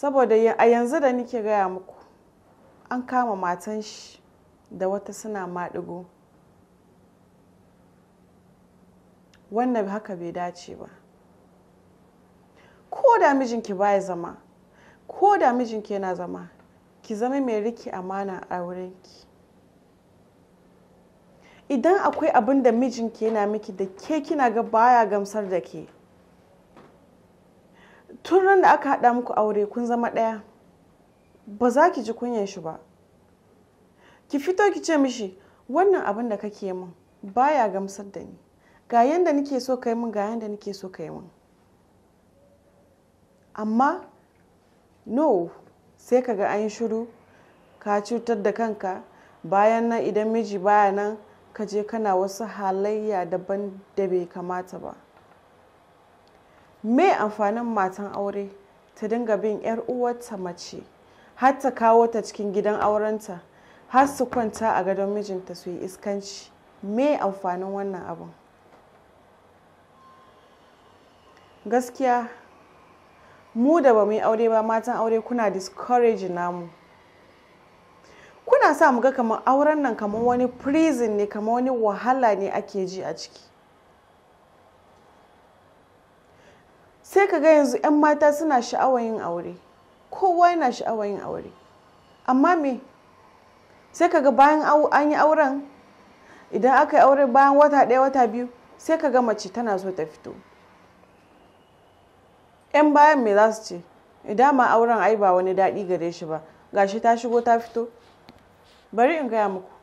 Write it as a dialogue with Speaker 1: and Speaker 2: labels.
Speaker 1: saboda a yanzu da nike gaya muku an kama matan shi da wata suna maɗigo wannan haka bai dace ba ko da mijinki baya zama ko da mijinki yana zama ki zama mai riki amana a wurinki idan akwai abin da mijinki yana miki da ke kina ga baya gamsar da ke tun ran da aka haɗa muku aure kun zama ɗaya ba za ki ji kunyan shi ba ki fito ki ce mishi wannan abin da kake min baya gamsar da ni ga yanda nake so kai mun, ga yanda nake so kai mun. amma no sai ka ga an yi shiru ka cutar da kanka bayan nan idan miji baya nan ka je kana wasu halayya daban da bai kamata ba me amfanin matan aure ta dinga bin 'yar uwarta mace har ta kawo ta cikin gidan aurenta har su kwanta a gadon mijinta su yi iskanci me amfanin wannan abun. gaskiya mu da ba mu aure ba matan aure kuna discourage namu kuna sa mu ga kamar auren nan kamar wani prison ne kamar wani wahala ne ake ji a ciki sai ka ga yanzu 'yan mata suna sha'awar yin aure kowa yana sha'awar yin aure amma me sai ka ga bayan an yi auren idan aka yi aure bayan wata ɗaya wata biyu sai ka ga mace tana so ta fito 'yan bayan me za su ce idan eh, ma auren ai ba wani daɗi gare shi ba gashi ta shigo ta fito bari in gaya muku